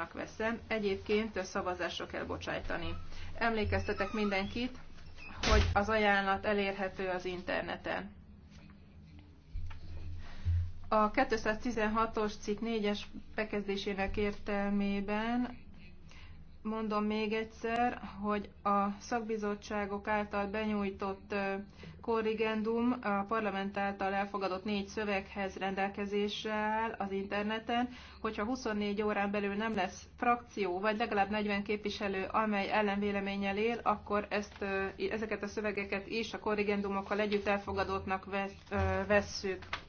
fontosnak veszem, egyébként szavazásra kell bocsájtani. Emlékeztetek mindenkit, hogy az ajánlat elérhető az interneten. A 216-os cikk 4-es bekezdésének értelmében mondom még egyszer, hogy a szakbizottságok által benyújtott korrigendum a parlament által elfogadott négy szöveghez rendelkezésre áll az interneten, hogyha 24 órán belül nem lesz frakció, vagy legalább 40 képviselő, amely ellenvéleménnyel él, akkor ezt, ezeket a szövegeket is a korrigendumokkal együtt elfogadottnak vesszük.